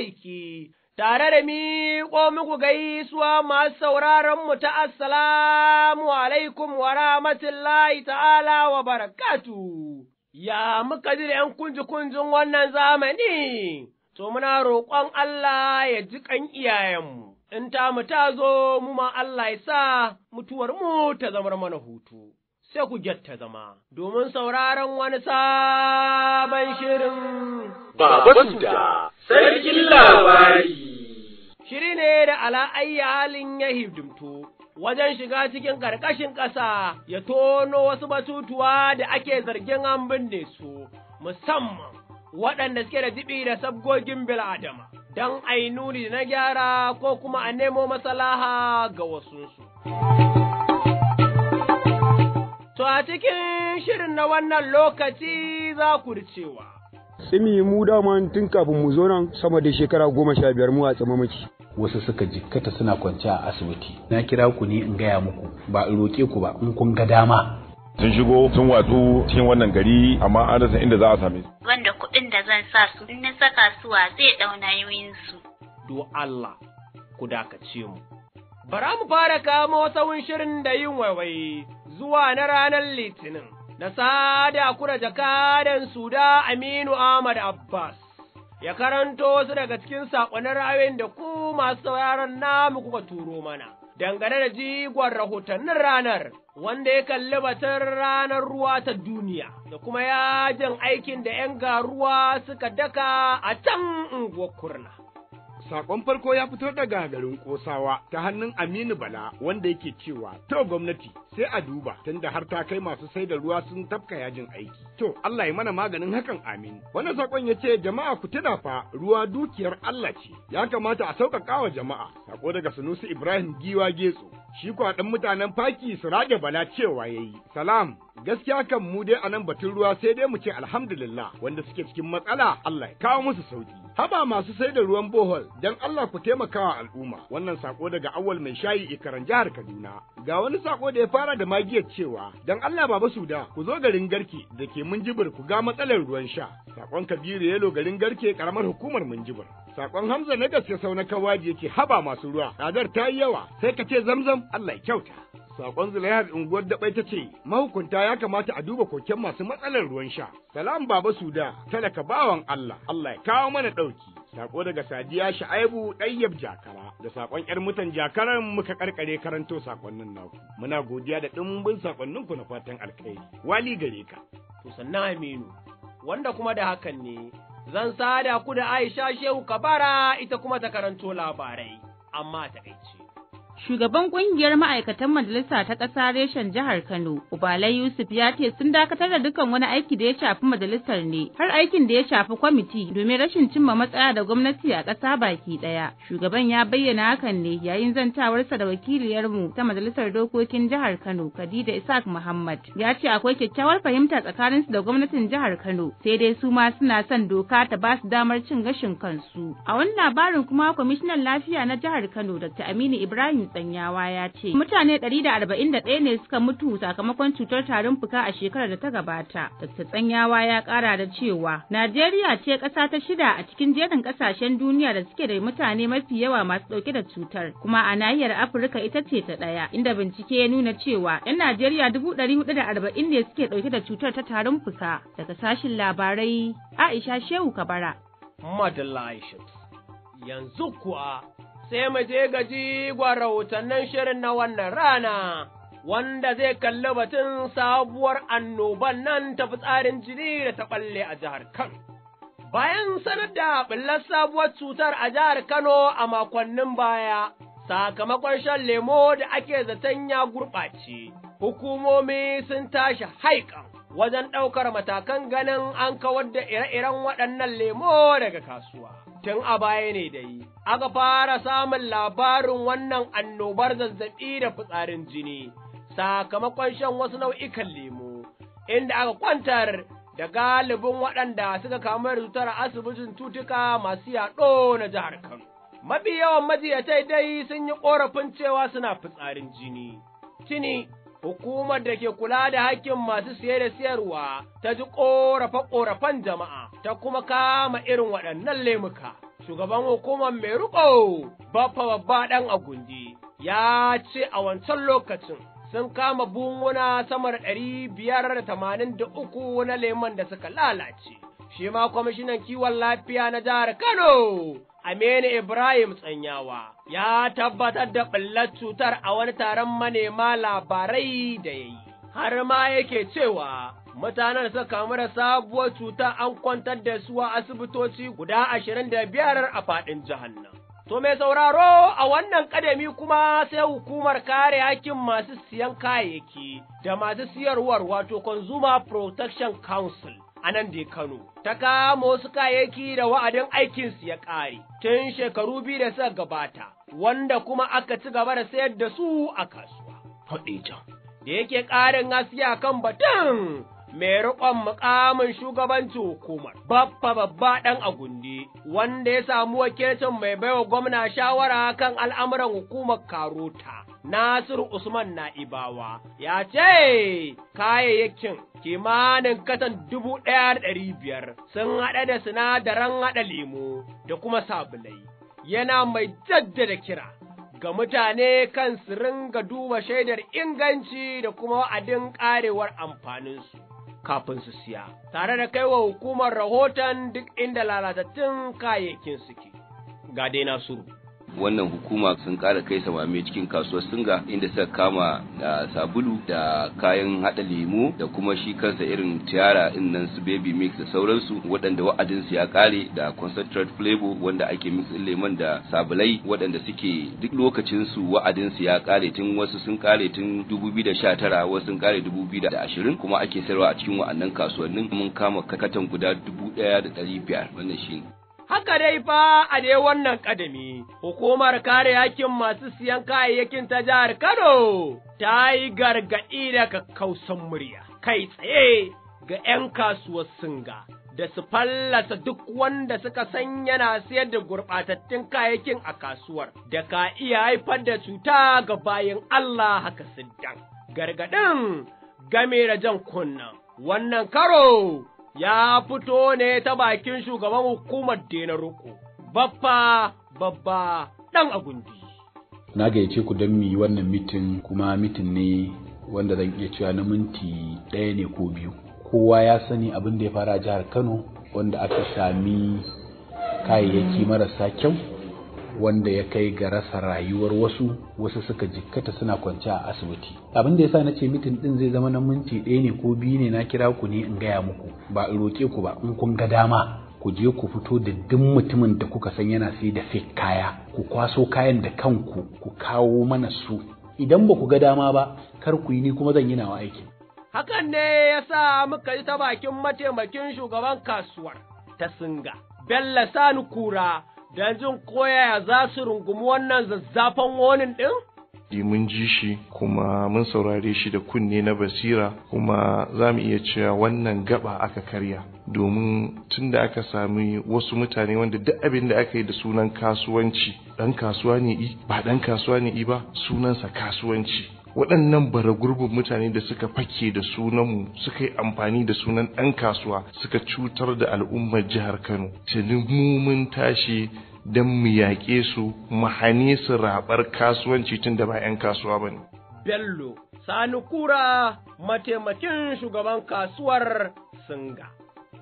aiki. Tare da mi ko muku gaisuwa masu sauraron mu ta assalamu alaikum wa rahmatullahi ta'ala wa barakatu. Ya muka ji da ’yan kunji-kunjin wannan zamani, to muna roƙon Allah ya ji kan iyayenmu, in ta mu ta zo mu ma Allah ya sa mutuwar mu ta zamar mana hutu. sai ku gyatta zama, domin sauraron wani sabon shirin. Baba da sarkin labari. Shiri ne da ala'ayya halin ya hidimto. Wajen shiga cikin ƙarƙashin ƙasa ya tono wasu batutuwa da ake zargin an binne su, musamman waɗanda suke da jibi da sabgogin bil'adama, don da na gyara ko kuma a nemo masalaha ga wasunsu. To a cikin shirin na wannan lokaci za ku cewa. Simi mu daman tun kafin mu zo nan sama da shekara goma sha biyar mu a tsama miki. Wasu suka jikkata suna kwance a asibiti. Na kira ku ne in gaya muku ba in roƙe ku ba in kun ga dama sun shigo sun watsu cikin wannan gari amma an rasa inda za a same su. Wanda kuɗin da zan sa su in na saka su wa zai ɗauna nayoyin su. Do Allah ku dakace mu. Bara mu fara kamo wun shirin da yin waiwai. zuwa na ranar Litinin, na sada kura jakadan Suda Aminu Ahmad Abbas, ya karanto su daga cikin saƙonin ra'ayoyin da ku masu sauraron namu kuka turo mana. Dangane da jigon rahotannin ranar, wanda ya kalli batun ranar ruwa ta duniya, da kuma yajin aikin da ‘yan garuwa suka daka a can unguwar kurna. Sakon farko ya fito daga garin Kosawa ta hannun Aminu Bala wanda yake cewa to gwamnati sai a duba tunda har ta kai masu sai da ruwa sun tafka yajin aiki. To Allah ya mana maganin hakan amin. Wannan sakon ya ce jama'a ku tuna fa ruwa dukiyar Allah ce. Ya kamata a sauƙaƙa wa jama'a. Sako daga Sunusi Ibrahim Giwa Getso. Shi kwaɗin mutanen faki su rage bala cewa ya yi Salam gaskiya kan mu dai a nan batun ruwa sai dai mu ce alhamdulillah wanda suke cikin matsala Allah ya kawo musu sauki. Haba masu sai da ruwan bohol, don Allah ku taimaka wa al'umma, wannan sako daga awal mai shayi ikaran jihar Kaduna. Ga wani sako da ya fara da magiyar cewa, don Allah baba suda, ku zo garin garke da ke munjibir ku ga matsalar ruwan sha. Sakon Kabiru yalo garin garke karamar hukumar munjibir. Sakon Hamza na gaske sau na kawaji yake haba masu ruwa, tsadar ta yi yawa, sai ka ce zamzam Allah ya kyauta. Sakon Zulayab unguwar daɓai ta ce, mahukunta ya kamata a duba koken masu matsalar ruwan sha. Salam Baba Suda, talaka bawan Allah, Allah ya kawo mana ɗauki. Sako daga Sadiya Sha'aibu Ɗayyab Jakara da sakon ‘yar mutan jakarar muka karkare karanto sakonnin naku. Muna godiya da ɗumbin sakonninku na fatan alkhairi. Wali gare ka. To sannan Aminu, wanda kuma da hakan ne zan sada ku da Aisha Shehu Kabara ita kuma ta karanto labarai, amma ta Shugaban kungiyar ma'aikatan majalisa ta ƙasa reshen jihar Kano, Ubalai Yusuf ya ce sun dakatar da dukkan wani aiki da ya shafi majalisar ne, har aikin da ya shafi kwamiti domin rashin cimma matsaya da gwamnati a ƙasa baki ɗaya. Shugaban ya bayyana hakan ne yayin zantawarsa da wakiliyarmu ta majalisar dokokin jihar Kano, Khadija Isaac Muhammad. Ya ce akwai kyakkyawar fahimta tsakaninsu da gwamnatin jihar Kano, sai dai su ma suna son doka ta ba su damar cin gashin kansu. A wani labarin kuma kwamishinan lafiya na jihar Kano, Dr. Aminu Ibrahim Tsanyawa ya ce mutane 141 ne suka mutu sakamakon cutar tarin fuka a shekarar da ta gabata. Dr. Tsanyawa ya kara da cewa Najeriya ce ƙasa ta shida a cikin jerin ƙasashen duniya da suke da mutane mafi yawa masu ɗauke da cutar kuma a nahiyar Afirka ita ce ta ɗaya inda bincike ya nuna cewa 'yan Najeriya 440 ne suke ɗauke da cutar ta tarin fuka daga sashin labarai Aisha Shehu Kabara. Madalla yanzu kuwa sai mu je ga jigon rahotannin shirin na wannan rana, wanda zai kalli batun sabuwar annoban nan ta fi tsarin jini da ta ɓalle a jihar Kano. Bayan sanar da ɓullar sabuwar cutar a jihar Kano a makonnin baya, sakamakon shan lemo da ake zaton ya gurɓace, hukumomi sun tashi haikan wajen ɗaukar matakan ganin an kawar da ire-iren waɗannan lemo daga kasuwa. tun a baya ne da yi, aka fara samun labarin wannan annobar zazzaɓi da fitsarin jini, sakamakon shan wasu nau'ikan lemu, inda aka kwantar da galibin waɗanda suka kamu da cutar asibitin tutuka masu yaɗo na jihar Kano. Mafi yawan majiyatai dai sun yi ƙorafin cewa suna fitsarin jini. Tini hukumar da ke kula da hakkin masu siye da siyarwa ta ji ƙorafe-ƙorafen jama'a ta kuma kama irin waɗannan lemuka. Shugaban hukumar mai riƙo baffa babba ɗan Gundi, ya ce a wancan lokacin sun kama bunguna sama da ɗari biyar da tamanin da uku na leman da suka lalace. Shi kwamishinan kiwon lafiya na jihar Kano Aminu Ibrahim Tsanyawa ya tabbatar da ɓillar cutar a wani taron manema labarai da ya yi, har ma yake cewa mutanen suka kamu da sabuwar cuta an kwantar da su a asibitoci guda ashirin da biyar a faɗin jihar To mai sauraro a wannan ƙadami kuma sai hukumar kare hakkin masu siyan kayayyaki da masu siyarwar wato Consumer Protection Council a nan da Kano, ta kamo su kayayyaki da wa'adin aikinsu ya ƙare tun shekaru biyu da suka gabata, wanda kuma aka ci gaba da sayar da su a kasuwa. Faɗi can. Da yake ƙarin asiya kan batun mai riƙon muƙamin shugabancin hukumar, babba babba ɗan agundi, wanda ya samu wakilcin mai baiwa gwamna shawara kan al'amuran hukumar Karota. Nasiru Usman Na'ibawa ya ce kayayyakin kimanin katan dubu ɗaya da ɗari biyar sun haɗa da sinadaran haɗa lemo da kuma sabulai. Yana mai jaddada kira ga mutane kan su ringa duba shaidar inganci da kuma wa'adin ƙarewar amfaninsu. Kafin su siya, tare da kaiwa hukumar rahoton duk inda lalatattun kayayyakin suke. Ga dai Nasiru. wannan hukuma sun kara kai samame cikin kasuwar singa inda suka kama da sabulu da kayan hada lemo da kuma shi kansa irin tiyara in nan su baby mix da sauransu waɗanda wa'adinsu ya kare da concentrate flavor wanda ake mix din lemon da sabulai waɗanda suke duk lokacin su wa'adinsu ya kare tun wasu sun kare tun 2019 wasu sun kare 2020 kuma ake sayarwa a cikin wa'annan kasuwannin mun kama kakatan guda 1500 wannan shine Haka dai fa a dai wannan ƙadami, hukumar kare yakin masu siyan kayayyakin ta jihar Kano ta yi gargaɗi da kakkausan murya, kai tsaye ga ‘yan kasuwar singa. Da su fallasa duk wanda suka san yana sayar da gurɓatattun kayayyakin a kasuwar, da ka iya haifar da cuta ga bayan Allah haka siddan. Gargaɗin game da jan kunnan, wannan karo ya fito ne ta bakin shugaban hukumar Dena Roko, babba babba ɗan agundi. Na gayyace ku don mu wannan mitin kuma mitin ne wanda zan iya cewa na minti ɗaya ne ko biyu. Kowa ya sani abin da ya fara jihar Kano wanda aka sami kayayyaki marasa kyau wanda ya kai ga rasa rayuwar wasu wasu suka jikkata suna kwance a asibiti abin da yasa na ce mitin din zai zama na minti ɗaya ne ko biyu ne na kira ku ne in gaya muku ba in roƙe ku ba in kun ga dama ku je ku fito da duk mutumin da kuka san yana sai da fake kaya ku kwaso kayan da kanku ku kawo mana su idan ba ku ga dama ba kar ku yi ni kuma zan yi nawa aikin hakan ne ya sa muka yi ta bakin mataimakin shugaban kasuwar ta singa bello sani kura don jin koyaya za su rungumi wannan zazzafan wonin ɗin? mun ji shi kuma mun saurare shi da kunne na basira kuma za mu iya cewa wannan gaba aka karya domin tun da aka sami wasu mutane wanda duk abin da aka yi da sunan kasuwanci ɗan kasuwa ne i, ba ɗan kasuwa ne i ba sunansa kasuwanci waɗannan bara gurbin mutane da suka fake da sunanmu suka yi amfani da sunan ɗan kasuwa suka cutar da al'ummar jihar kano tuni mun tashi don mu yaƙe su mu hane su raɓar kasuwanci tun da ba 'yan kasuwa ba ne. Bello Sani Kura mataimakin shugaban kasuwar Singa.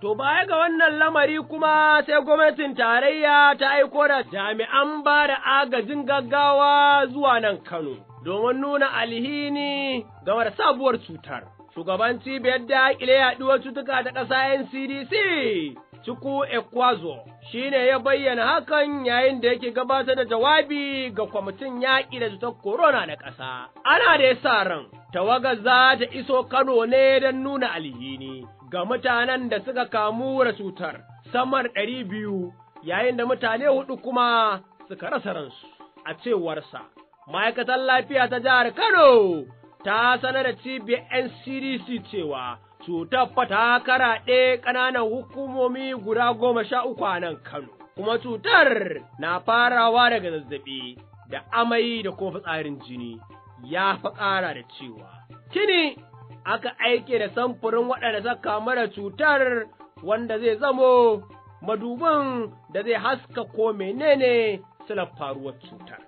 To baya ga wannan lamari kuma sai gwamnatin tarayya ta aiko da jami'an ba da agajin gaggawa zuwa nan Kano. domin nuna alhini game da sabuwar cutar. Shugaban cibiyar daƙile yaɗuwar cutuka ta ƙasa NCDC, Chuku Ekwazo, shi ne ya bayyana hakan yayin da yake gabatar da jawabi ga kwamitin yaƙi da cutar corona na ƙasa. Ana da sa ran, tawaga za ta iso Kano ne don nuna alhini ga mutanen da suka kamu da cutar, samar ɗari biyu, yayin da mutane huɗu kuma suka rasa ransu, a cewarsa. ma'aikatar lafiya ta jihar Kano ta sanar da cibiyar NCDC cewa cutar fa ta karaɗe ƙananan hukumomi guda goma sha uku a nan Kano, kuma cutar na farawa daga zazzaɓi da amai da kuma fitsarin jini, ya fi ƙara da cewa. Kini aka aike da samfurin waɗanda suka kamu da cutar wanda zai zamo madubin da zai haska ko menene silar faruwar cutar.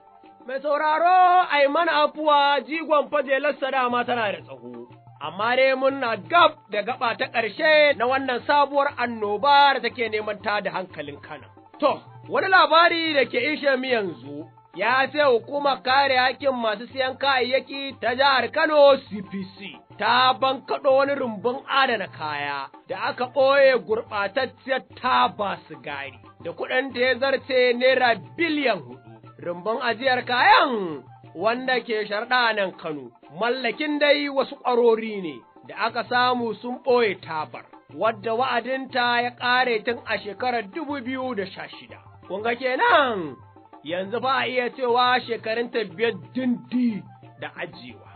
mai sauraro ai mana afuwa jigon fajelarsa dama tana da tsaho. Amma dai muna gab da gaba ta ƙarshe na wannan sabuwar annoba da take neman ta da hankalin kana. To, wani labari da ke ishe mu yanzu ya ce hukumar kare hakkin masu siyan kayayyaki ta jihar Kano CPC ta bankaɗo wani rumbun adana kaya da aka ɓoye gurɓatacciyar su sigari da kuɗin da ya zarce naira biliyan hudu. rumbun ajiyar kayan wanda ke sharɗa nan Kano, mallakin dai wasu ƙwarori ne da aka samu sun ɓoye tabar, wadda wa'adinta ya ƙare tun a shekarar dubu biyu da sha shida. Kunga kenan yanzu ba a iya cewa shekarun biyar dindi da ajiyewa.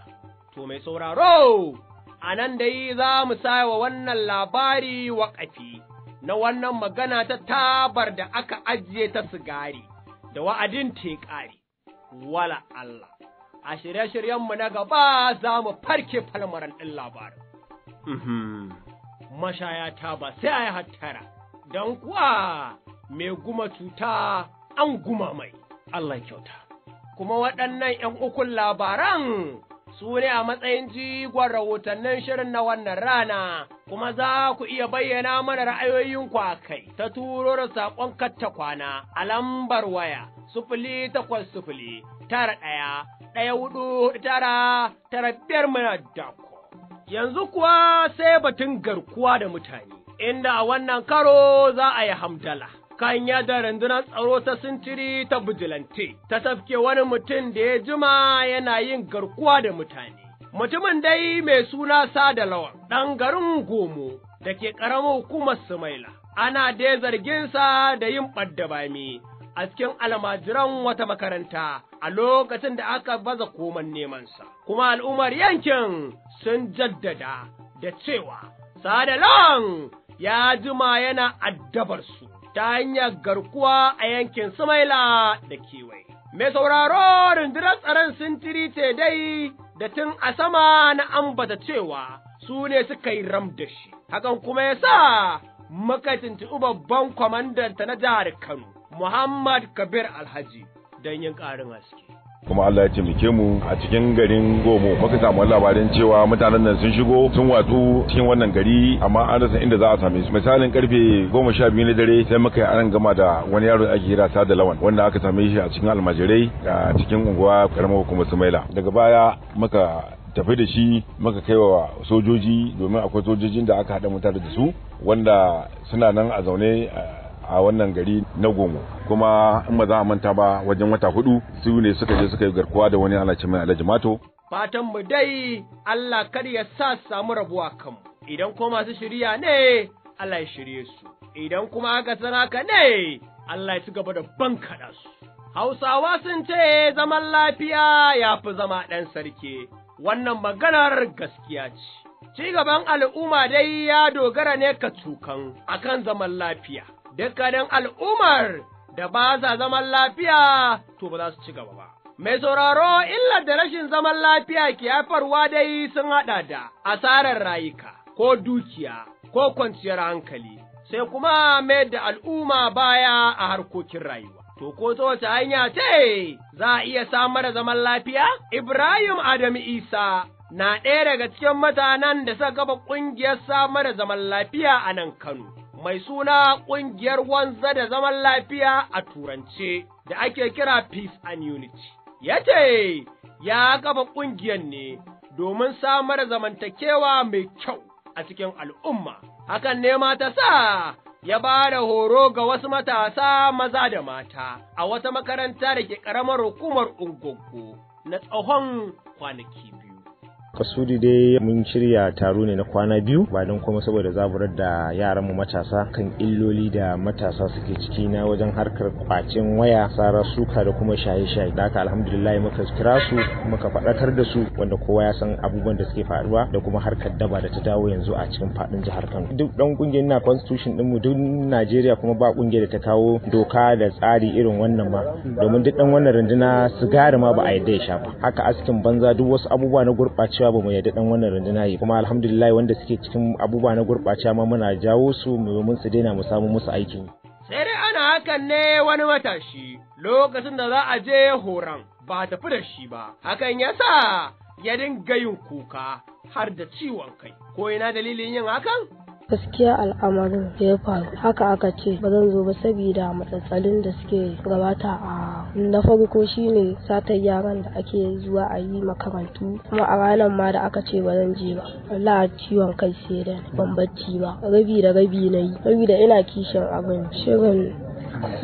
To mai sauraro, a nan dai za mu wa wannan labari ƙafi na wannan magana ta tabar da aka ajiye ta sigari. da wa'adin teƙari, wala Allah, a shirye-shiryenmu na gaba za mu farke falmaran ɗin labarin. Mhm. Mashaya ta ba sai a yi hattara, don kuwa mai guma cuta an guma mai, Allah kyauta. Kuma waɗannan ’yan ukun labaran su ne a matsayin jigon rahotannin shirin na wannan rana, kuma za ku iya bayyana mana ra'ayoyin a kai ta turo da saƙon katta kwana a lambar waya sufuli takwas sufuli tara ɗaya ɗaya hudu tara tara biyar muna dako. Yanzu kuwa sai batun garkuwa da mutane, inda a wannan karo za a yi hamdala. kan yada rundunar tsaro ta sintiri ta bijilante, ta tafke wani mutum da ya jima yana yin garkuwa da mutane. Mutumin dai mai suna Sada lawan. ɗan garin Gomo, da ke ƙaramin hukumar Sumaila, ana dai zarginsa da yin ɓadda bami a cikin almajiran wata makaranta a lokacin da aka baza koman nemansa. Kuma al'ummar yankin sun jaddada da cewa, Sada lawan ya jima yana addabarsu. ta hanyar garkuwa a yankin Sumaila da kewaye. Mai sauraro rundunar tsaron sintiri ce dai da tun a sama na ambata cewa su ne suka yi ram da shi, hakan kuma ya sa muka tuntuɓi babban kwamandanta na jihar Kano, Muhammad Kabir Alhaji, don yin ƙarin haske. kuma Allah ya taimake mu a cikin garin Gomo muka samu labarin cewa mutanen nan sun shigo sun watsu cikin wannan gari amma an rasa inda za a same su misalin karfe goma sha biyu na dare sai muka yi aran gama da wani yaro ake jira sa da lawan wanda aka same shi a cikin almajirai a cikin unguwa karamar hukumar Sumaila daga baya muka tafi da shi muka kai wa sojoji domin akwai sojojin da aka haɗa mutane da su wanda suna nan a zaune a wannan gari na gomo kuma in ba za a manta ba wajen wata hudu su ne suka je suka yi garkuwa da wani alaci mai alaji mato fatan mu dai Allah kar ya sa samu rabuwa kanmu idan ko masu shirya ne Allah ya shirye su idan kuma aka san haka ne Allah ya ci gaba da bankaɗa su Hausawa sun ce zaman lafiya ya fi zama ɗan sarki wannan maganar gaskiya ce ci gaban al'umma dai ya dogara ne ka cukan akan zaman lafiya dukkanin al'ummar da ba sa zaman lafiya to ba za su ci gaba ba. Mai sauraro illar da rashin zaman lafiya ke haifarwa dai sun haɗa da asarar rayuka ko dukiya ko kwanciyar hankali, sai kuma mai da al'umma baya a harkokin rayuwa. To, ko ta wace hanya ce za a iya samar da zaman lafiya? Ibrahim Adam Isa na ɗaya daga cikin mutanen da suka gaba ƙungiyar samar da zaman lafiya a nan Kano. mai suna ƙungiyar wanza da zaman lafiya a Turance da ake kira Peace and Unity. Ya ce, ya kafa ƙungiyar ne domin samar da zamantakewa mai kyau a cikin al'umma, hakan ne ta sa ya ba da horo ga wasu matasa maza da mata a wata makaranta da ke ƙaramar hukumar Ungogo na tsawon kwanaki kasudi dai mun shirya taro ne na kwana biyu ba don kuma saboda zaburar da yaran mu matasa kan illoli da matasa suke ciki na wajen harkar kwacin waya tsara suka da kuma shaye-shaye da haka alhamdulillah muka kira su muka faɗakar da su wanda kowa ya san abubuwan da suke faruwa da kuma harkar daba da ta dawo yanzu a cikin faɗin jihar Kano duk dan kungiyar na constitution din mu duk Najeriya kuma ba kungiyar da ta kawo doka da tsari irin wannan ba. domin duk dan wannan runduna sigari ma ba a yadda ya shafa haka askin banza duk wasu abubuwa na gurɓacewa cewa ba mu yarda dan wannan runduna yi kuma alhamdulillah wanda suke cikin abubuwa na gurɓacewa ma muna jawo su domin su daina mu samu musu aikin sai dai ana hakan ne wani matashi lokacin da za a je horon ba tafi da shi ba hakan yasa ya dinga yin kuka har da ciwon kai ko ina dalilin yin hakan gaskiya al'amarin da ya faru haka aka ce ba zan zo ba saboda matsatsalin da suke gabata a na farko shine satar yaran da ake zuwa a yi makarantu kuma a ranar ma da aka ce ba zan je ba Allah ciwon kai sai da ban bacci ba rabi da rabi na yi da ina kishin abin shirin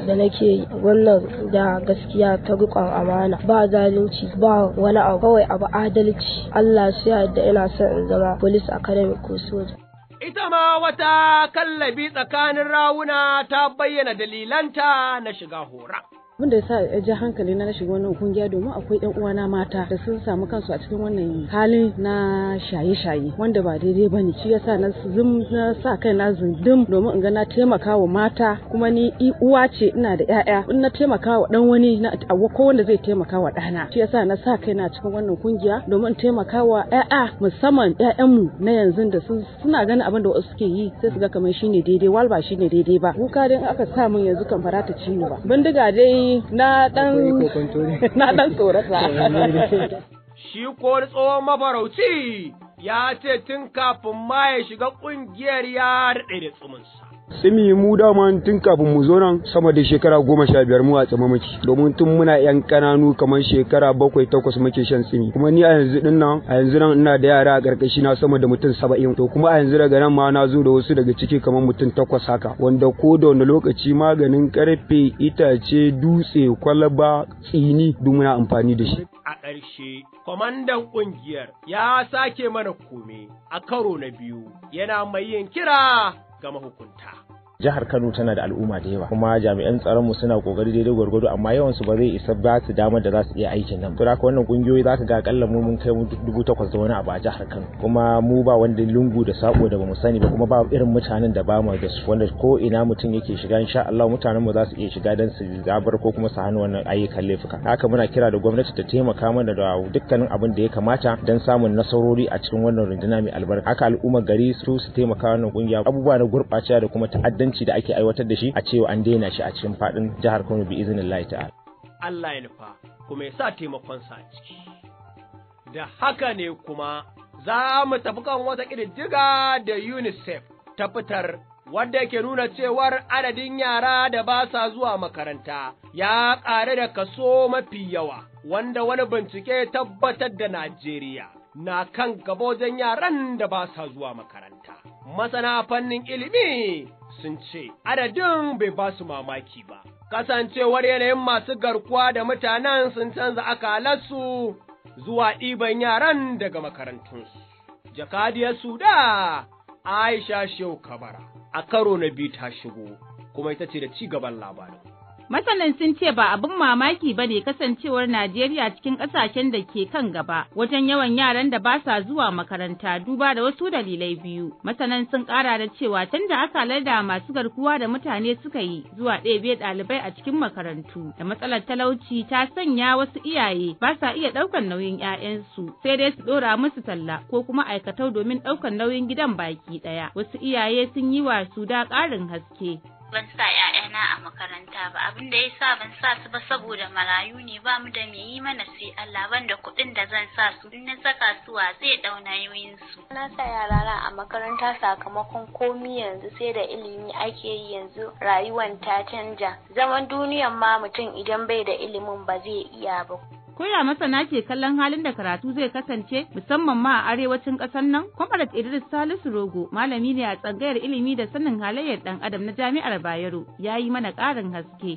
da nake wannan da gaskiya ta rikon amana ba zalunci ba wani abu kawai abu adalci Allah ya da ina son in zama police academy ko soja ita ma wata kallabi tsakanin rawuna ta bayyana dalilanta na shiga hora. abin da sa ya ji hankali na shiga wannan kungiya domin akwai yan uwana mata da sun samu kansu a cikin wannan halin na shaye-shaye wanda ba daidai ba ne. shi yasa na zum na sa kai na zundum domin in ga na taimaka wa mata kuma ni uwa ce ina da yaya in na taimaka wa ɗan wani na ko wanda zai taimaka wa dana shi yasa na sa kai na cikin wannan kungiya domin taimaka wa yaya musamman ƴaƴanmu na yanzu da sun suna ganin abin da wasu suke yi sai su ga kamar shine daidai wal ba shine daidai ba kuka dai aka sa mun yanzu kan fara ta ci ba bindiga dai na dan na dan tsorata shi ko tsohon mafarauci ya ce tun kafin ma ya shiga ƙungiyar ya daɗe da tsumunsa tsimi mu dama tun kafin mu zo nan sama da shekara goma sha biyar mu a tsima muke domin tun muna yan kananu kamar shekara bakwai takwas muke shan tsimi kuma ni a yanzu din nan a yanzu nan ina da yara a karkashi na sama da mutum saba'in to kuma a yanzu daga nan ma na zo da wasu daga ciki kamar mutum takwas haka wanda ko da wani lokaci maganin karfe itace dutse kwalaba tsini duk muna amfani da shi a ƙarshe kwamandan ƙungiyar ya sake mana kome a karo na biyu yana mai yin kira gama hukunta jihar Kano tana da al'umma da yawa kuma jami'an tsaron mu suna kokari daidai gwargwado amma yawan su ba zai isa ba su damar da za su iya aikin nan to haka wannan kungiyoyi ka ga akalla mu mun kai dubu takwas da wani a jihar Kano kuma mu ba wanda lungu da sako da bamu sani ba kuma ba irin mutanen da ba mu da su wanda ko ina mutum yake shiga insha Allah mutanen mu za su iya shiga dan su zabar ko kuma su hannu wannan ayyukan laifuka haka muna kira da gwamnati ta taimaka mana da dukkanin abin da ya kamata dan samun nasarori a cikin wannan runduna mai albarka haka al'ummar gari su su taimaka wannan kungiya abubuwa na gurbacewa da kuma ta'addan ta'addanci da ake aiwatar da shi a cewa an daina shi a cikin faɗin jihar Kano bi izinin Allah ta'ala. Allah ya nufa kuma ya sa taimakon sa a ciki. Da haka ne kuma za mu tafi kan wata kididdiga da UNICEF ta fitar wadda yake nuna cewar adadin yara da ba sa zuwa makaranta ya ƙare da kaso mafi yawa, wanda wani bincike tabbatar da Najeriya na kan gaba yaran da ba sa zuwa makaranta. Masana fannin ilimi sun ce, adadin bai ba su mamaki ba, kasancewar yanayin masu garkuwa da mutanen sun canza akalarsu zuwa ɗiban yaran daga makarantunsu. Jakadiyar Suda, Aisha Shehu Kabara, a karo na biyu ta shigo, kuma ita ce da ci gaban labarin. Masanan sun ce ba abin mamaki ba ne kasancewar Najeriya cikin ƙasashen da ke kan gaba wajen yawan yaran da ba sa zuwa makaranta duba da wasu dalilai biyu. Masanan sun ƙara da cewa tun da akalar da masu garkuwa da mutane suka yi zuwa ɗebe ɗalibai a cikin makarantu da matsalar talauci ta sanya wasu iyaye ba sa iya ɗaukar nauyin 'ya'yansu sai dai su ɗora musu talla ko kuma aikatau domin ɗaukar nauyin gidan baki ɗaya. Wasu iyaye sun yi wa su da ƙarin haske. ban sa ‘ya'yana a makaranta ba abin da ya sa ban sa su ba saboda marayu ne ba mu da me yi mana sai Allah banda kuɗin da zan sa su in na saka su wa zai dauna yoyin su. Na sa yarana a makaranta sakamakon komi yanzu sai da ilimi ake yi yanzu rayuwan ta canja zaman duniyan ma mutum idan bai da ilimin ba zai iya ba. Koya masana ke kallon halin da karatu zai kasance musamman ma a arewacin ƙasar nan? comrade Idris Salisu Rogo malami ne a tsangayar ilimi da sanin halayyar ɗan adam na Jami'ar Bayero ya yi mana ƙarin haske.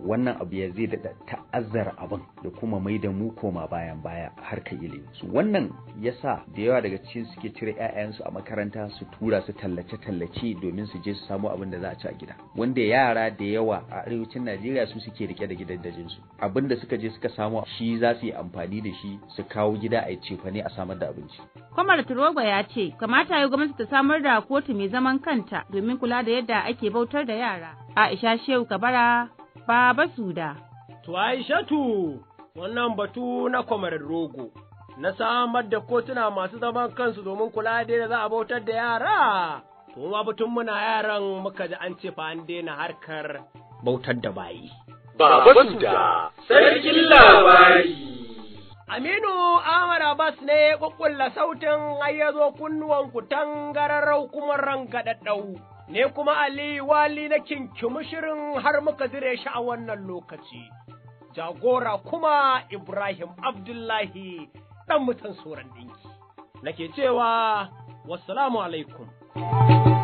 wannan abu ya zai daɗa ta'azzara abin da kuma mai da mu koma bayan baya har ilimi su wannan ya sa da yawa daga cikin suke cire 'ya'yansu a makaranta su tura su tallace-tallace domin su je su samu abin da za a ci a gida wanda yara da yawa a arewacin Najeriya su suke rike da gidajen su abin da suka je suka samu shi za su yi amfani da shi su kawo gida a yi ne a samar da abinci. Kwamar Turoba ya ce kamata ya gwamnati ta samar da kotu mai zaman kanta domin kula da yadda ake bautar da yara. Aisha Shehu Kabara Baba Suda. To Aishatu, wannan batu na kwamarin rogo, na samar da kotuna masu zaman kansu domin kula da da za a bautar da yara. To ma batun muna yaran muka ji an ce fa an daina harkar bautar da bayi. Baba Suda, sarkin labari. Aminu Ahmad Abbas ne ya kukkulla sautin ayyazo kunnuwan ku tangararau kuma rangaɗaɗɗau. ne kuma Ali wali na kinkimi shirin har muka dire shi a wannan lokaci, jagora kuma Ibrahim Abdullahi ɗan mutan tsoron ɗinki, nake cewa, Wassalamu alaikum.